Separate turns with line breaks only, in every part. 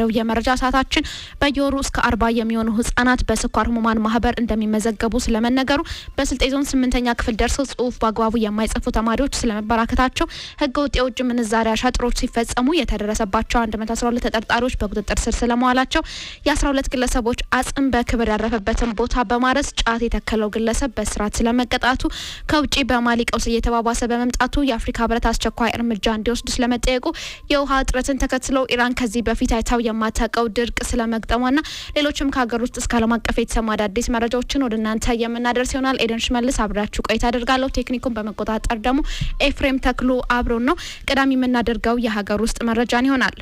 ነው የመረጃ ሰዓታችን። በየወሩ እስከ አርባ የሚሆኑ ህጻናት በስኳር ህሙማን ማህበር እንደሚመዘገቡ ስለመነገሩ፣ በስልጤ ዞን ስምንተኛ ክፍል ደርሰው ጽሁፍ በአግባቡ የማይጽፉ ተማሪዎች ስለመበራከታቸው፣ ህገ ወጥ የውጭ ምንዛሪ አሻጥሮች ሲፈጸሙ የተደረሰባቸው ሁለት ተጠርጣሪዎች በቁጥጥር ስር ስለመዋላቸው የአስራ ሁለት ግለሰቦች አጽም በክብር ያረፈበትን ቦታ በማረስ ጫት የተከለው ግለሰብ በስርዓት ስለመቀጣቱ፣ ከውጭ በማሊ ቀውስ እየተባባሰ በመምጣቱ የአፍሪካ ህብረት አስቸኳይ እርምጃ እንዲወስድ ስለመጠየቁ፣ የውሃ እጥረትን ተከትለው ኢራን ከዚህ በፊት አይታው የማታውቀው ድርቅ ስለመግጠሟና ሌሎችም ከሀገር ውስጥ እስከ ዓለም አቀፍ የተሰማ አዳዲስ መረጃዎችን ወደ እናንተ የምናደርስ ይሆናል። ኤደን ሽመልስ አብራችሁ ቆይታ አደርጋለሁ። ቴክኒኩን በመቆጣጠር ደግሞ ኤፍሬም ተክሎ አብሮን ነው። ቀዳሚ የምናደርገው የሀገር ውስጥ መረጃን ይሆናል።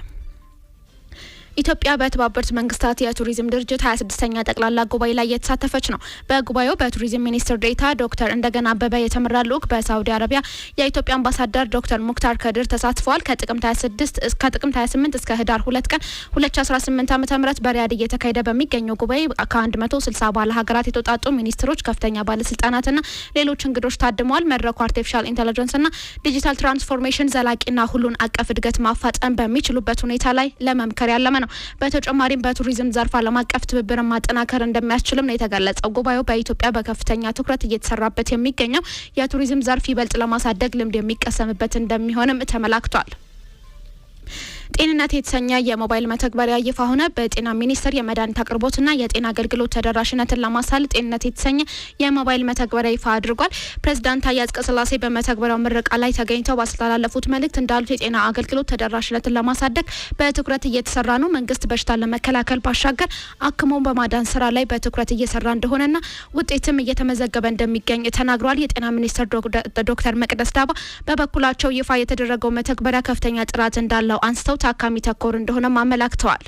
ኢትዮጵያ በተባበሩት መንግስታት የቱሪዝም ድርጅት ሀያ ስድስተኛ ጠቅላላ ጉባኤ ላይ የተሳተፈች ነው። በጉባኤው በቱሪዝም ሚኒስትር ዴታ ዶክተር እንደገና አበበ የተመራ ልዑክ በሳውዲ አረቢያ የኢትዮጵያ አምባሳደር ዶክተር ሙክታር ከድር ተሳትፈዋል። ከጥቅምት 26 እስከ ጥቅምት 28 እስከ ህዳር ሁለት ቀን 2018 ዓ.ም በሪያድ እየተካሄደ በሚገኘው ጉባኤ መቶ 160 ባለ ሀገራት የተውጣጡ ሚኒስትሮች፣ ከፍተኛ ባለስልጣናትና ሌሎች እንግዶች ታድመዋል። መድረኩ አርቲፊሻል ኢንቴሊጀንስና ዲጂታል ትራንስፎርሜሽን ዘላቂና ሁሉን አቀፍ እድገት ማፋጠን በሚችሉበት ሁኔታ ላይ ለመምከር ያለመ ነው። ነው። በተጨማሪም በቱሪዝም ዘርፍ ዓለም አቀፍ ትብብርን ማጠናከር እንደሚያስችልም ነው የተገለጸው። ጉባኤው በኢትዮጵያ በከፍተኛ ትኩረት እየተሰራበት የሚገኘው የቱሪዝም ዘርፍ ይበልጥ ለማሳደግ ልምድ የሚቀሰምበት እንደሚሆንም ተመላክቷል። ጤንነት የተሰኘ የሞባይል መተግበሪያ ይፋ ሆነ። በጤና ሚኒስቴር የመድኃኒት አቅርቦትና የጤና አገልግሎት ተደራሽነትን ለማሳል ጤንነት የተሰኘ የሞባይል መተግበሪያ ይፋ አድርጓል። ፕሬዚዳንት ታዬ አጽቀሥላሴ በመተግበሪያው ምረቃ ላይ ተገኝተው ባስተላለፉት መልእክት እንዳሉት የጤና አገልግሎት ተደራሽነትን ለማሳደግ በትኩረት እየተሰራ ነው። መንግስት በሽታን ለመከላከል ባሻገር አክሞ በማዳን ስራ ላይ በትኩረት እየሰራ እንደሆነና ውጤትም እየተመዘገበ እንደሚገኝ ተናግሯል የጤና ሚኒስትር ዶክተር መቅደስ ዳባ በበኩላቸው ይፋ የተደረገው መተግበሪያ ከፍተኛ ጥራት እንዳለው አንስተው ታካሚ ተኮር እንደሆነም አመላክተዋል።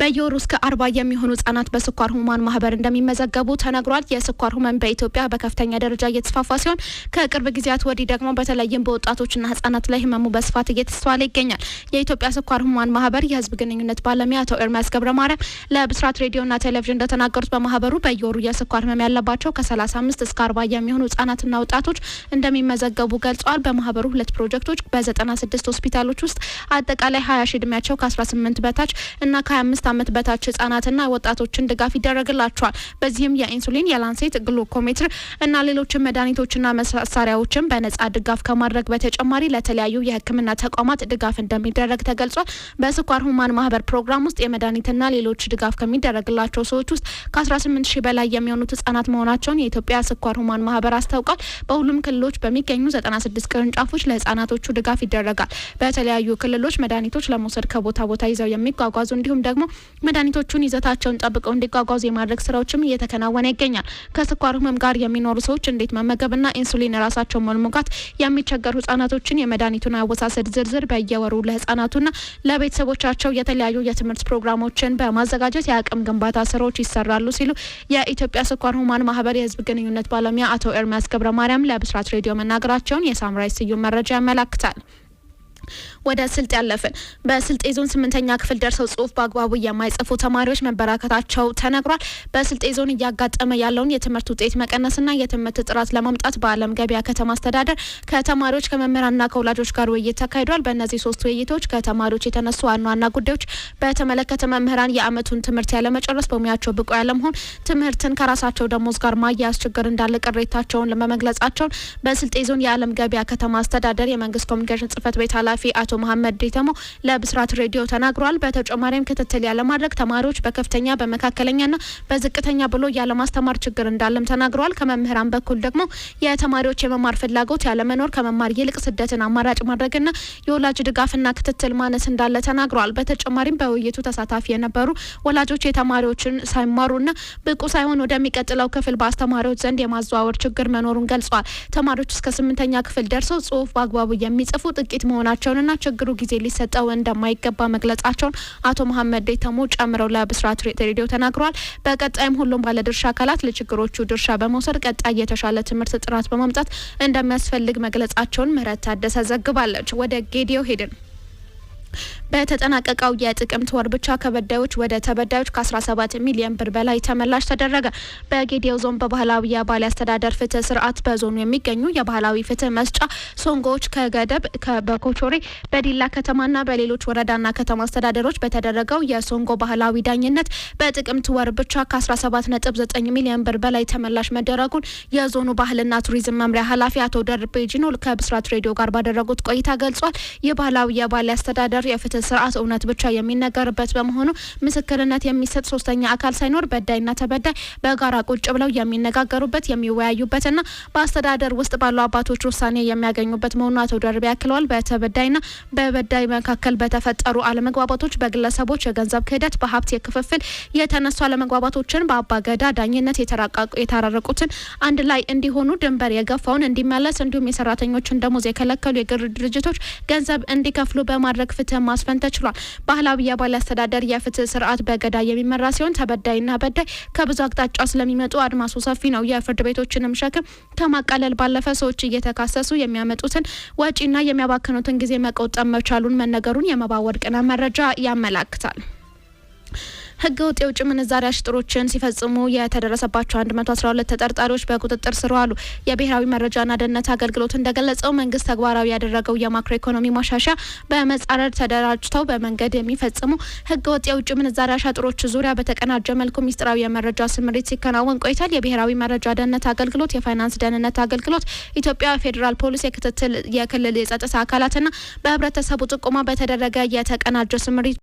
በየወሩ እስከ አርባ የሚሆኑ ህጻናት በስኳር ህሙማን ማህበር እንደሚመዘገቡ ተነግሯል። የስኳር ህመም በኢትዮጵያ በከፍተኛ ደረጃ እየተስፋፋ ሲሆን ከቅርብ ጊዜያት ወዲህ ደግሞ በተለይም በወጣቶችና ህጻናት ላይ ህመሙ በስፋት እየተስተዋለ ይገኛል። የኢትዮጵያ ስኳር ህሙማን ማህበር የህዝብ ግንኙነት ባለሙያ አቶ ኤርሚያስ ገብረ ማርያም ለብስራት ሬዲዮና ቴሌቪዥን እንደተናገሩት በማህበሩ በየወሩ የስኳር ህመም ያለባቸው ከ 35 እስከ 40 የሚሆኑ ህጻናትና ወጣቶች እንደሚመዘገቡ ገልጿል። በማህበሩ ሁለት ፕሮጀክቶች በዘጠና 96 ሆስፒታሎች ውስጥ አጠቃላይ 20 ሺ እድሜያቸው ከ18 በታች እና ከ25 ዓመት በታች ህጻናትና ወጣቶችን ድጋፍ ይደረግላቸዋል። በዚህም የኢንሱሊን፣ የላንሴት፣ ግሉኮሜትር እና ሌሎችን መድኃኒቶችና መሳሪያዎችን በነጻ ድጋፍ ከማድረግ በተጨማሪ ለተለያዩ የህክምና ተቋማት ድጋፍ እንደሚደረግ ተገልጿል። በስኳር ሁማን ማህበር ፕሮግራም ውስጥ የመድኃኒትና ሌሎች ድጋፍ ከሚደረግላቸው ሰዎች ውስጥ ከ18 ሺህ በላይ የሚሆኑት ህጻናት መሆናቸውን የኢትዮጵያ ስኳር ሁማን ማህበር አስታውቋል። በሁሉም ክልሎች በሚገኙ 96 ቅርንጫፎች ለህጻናቶቹ ድጋፍ ይደረጋል። በተለያዩ ክልሎች መድኃኒቶች ለመውሰድ ከቦታ ቦታ ይዘው የሚጓጓዙ እንዲሁም ደግሞ መድኃኒቶቹን ይዘታቸውን ጠብቀው እንዲጓጓዙ የማድረግ ስራዎችም እየተከናወነ ይገኛል። ከስኳር ህመም ጋር የሚኖሩ ሰዎች እንዴት መመገብና ኢንሱሊን ራሳቸውን መልሞጋት የሚቸገሩ ህጻናቶችን የመድኃኒቱን አወሳሰድ ዝርዝር በየወሩ ለህጻናቱና ለቤተሰቦቻቸው የተለያዩ የትምህርት ፕሮግራሞችን በማዘጋጀት የአቅም ግንባታ ስራዎች ይሰራሉ ሲሉ የኢትዮጵያ ስኳር ህሙማን ማህበር የህዝብ ግንኙነት ባለሙያ አቶ ኤርሚያስ ገብረ ማርያም ለብስራት ሬዲዮ መናገራቸውን የሳምራይ ስዩም መረጃ ያመላክታል። ወደ ስልጤ ያለፍን በስልጤ ዞን ስምንተኛ ክፍል ደርሰው ጽሁፍ በአግባቡ የማይጽፉ ተማሪዎች መበራከታቸው ተነግሯል። በስልጤ ዞን እያጋጠመ ያለውን የትምህርት ውጤት መቀነስና የትምህርት ጥራት ለማምጣት በአለም ገበያ ከተማ አስተዳደር ከተማሪዎች ከመምህራንና ከወላጆች ጋር ውይይት ተካሂዷል። በእነዚህ ሶስት ውይይቶች ከተማሪዎች የተነሱ ዋና ዋና ጉዳዮች በተመለከተ መምህራን የአመቱን ትምህርት ያለመጨረስ፣ በሙያቸው ብቁ ያለመሆን፣ ትምህርትን ከራሳቸው ደሞዝ ጋር ማያያዝ ችግር እንዳለ ቅሬታቸውን ለመመግለጻቸውን በስልጤ ዞን የአለም ገበያ ከተማ አስተዳደር የመንግስት ኮሚኒኬሽን ጽህፈት ቤት ኃላፊ ኃላፊ አቶ መሀመድ ዴተሞ ለብስራት ሬዲዮ ተናግረዋል። በተጨማሪም ክትትል ያለማድረግ ተማሪዎች በከፍተኛ በመካከለኛና በዝቅተኛ ብሎ ያለማስተማር ችግር እንዳለም ተናግረዋል። ከመምህራን በኩል ደግሞ የተማሪዎች የመማር ፍላጎት ያለመኖር፣ ከመማር ይልቅ ስደትን አማራጭ ማድረግና የወላጅ ድጋፍና ክትትል ማነስ እንዳለ ተናግረዋል። በተጨማሪም በውይይቱ ተሳታፊ የነበሩ ወላጆች የተማሪዎችን ሳይማሩና ብቁ ሳይሆን ወደሚቀጥለው ክፍል በአስተማሪዎች ዘንድ የማዘዋወር ችግር መኖሩን ገልጿል። ተማሪዎች እስከ ስምንተኛ ክፍል ደርሰው ጽሁፍ በአግባቡ የሚጽፉ ጥቂት መሆናቸው መሆናቸውንና ችግሩ ጊዜ ሊሰጠው እንደማይገባ መግለጻቸውን አቶ መሀመድ ዴተሞ ጨምረው ለብስራት ሬዲዮ ተናግረዋል። በቀጣይም ሁሉም ባለድርሻ አካላት ለችግሮቹ ድርሻ በመውሰድ ቀጣይ የተሻለ ትምህርት ጥራት በማምጣት እንደሚያስፈልግ መግለጻቸውን ምህረት ታደሰ ዘግባለች። ወደ ጌዲዮ ሄድን። በተጠናቀቀው የጥቅምት ወር ብቻ ከበዳዮች ወደ ተበዳዮች ከ17 ሚሊዮን ብር በላይ ተመላሽ ተደረገ። በጌዲዮ ዞን በባህላዊ የባሌ አስተዳደር ፍትህ ስርዓት በዞኑ የሚገኙ የባህላዊ ፍትህ መስጫ ሶንጎዎች ከገደብ በኮቾሬ በዲላ ከተማና በሌሎች ወረዳና ከተማ አስተዳደሮች በተደረገው የሶንጎ ባህላዊ ዳኝነት በጥቅምት ወር ብቻ ከ17.9 ሚሊዮን ብር በላይ ተመላሽ መደረጉን የዞኑ ባህልና ቱሪዝም መምሪያ ኃላፊ አቶ ደርቤ ጂኖል ከብስራት ሬዲዮ ጋር ባደረጉት ቆይታ ገልጿል። የባህላዊ የባሌ አስተዳደር የፍትህ ስርዓት እውነት ብቻ የሚነገርበት በመሆኑ ምስክርነት የሚሰጥ ሶስተኛ አካል ሳይኖር በዳይና ተበዳይ በጋራ ቁጭ ብለው የሚነጋገሩበት የሚወያዩበትና በአስተዳደር ውስጥ ባሉ አባቶች ውሳኔ የሚያገኙበት መሆኑ አቶ ደርቤ ያክለዋል። በተበዳይና በበዳይ መካከል በተፈጠሩ አለመግባባቶች፣ በግለሰቦች የገንዘብ ክህደት፣ በሀብት የክፍፍል የተነሱ አለመግባባቶችን በአባገዳ ዳኝነት የተራረቁትን አንድ ላይ እንዲሆኑ ድንበር የገፋውን እንዲመለስ እንዲሁም የሰራተኞችን ደሞዝ የከለከሉ የግል ድርጅቶች ገንዘብ እንዲከፍሉ በማድረግ ፍትህ ማስፈ ማስፈን ተችሏል። ባህላዊ የባለ አስተዳደር የፍትህ ስርዓት በገዳ የሚመራ ሲሆን ተበዳይና በዳይ ከብዙ አቅጣጫ ስለሚመጡ አድማሱ ሰፊ ነው። የፍርድ ቤቶችንም ሸክም ከማቃለል ባለፈ ሰዎች እየተካሰሱ የሚያመጡትን ወጪና የሚያባክኑትን ጊዜ መቆጠብ መቻሉን መነገሩን የመባወር መረጃ ያመላክታል። ህገወጥ የውጭ ምንዛሪ አሽጥሮችን ሲፈጽሙ የተደረሰባቸው 112 ተጠርጣሪዎች በቁጥጥር ስር ዋሉ። የብሔራዊ መረጃና ደህንነት አገልግሎት እንደገለጸው መንግስት ተግባራዊ ያደረገው የማክሮ ኢኮኖሚ ማሻሻያ በመጻረር ተደራጅተው በመንገድ የሚፈጽሙ ህገወጥ የውጭ ምንዛሪ አሻጥሮች ዙሪያ በተቀናጀ መልኩ ሚስጥራዊ የመረጃ ስምሪት ሲከናወን ቆይታል። የብሔራዊ መረጃ ደህንነት አገልግሎት፣ የፋይናንስ ደህንነት አገልግሎት፣ ኢትዮጵያ ፌዴራል ፖሊስ፣ የክትትል የክልል የጸጥታ አካላትና በህብረተሰቡ ጥቆማ በተደረገ የተቀናጀ ስምሪት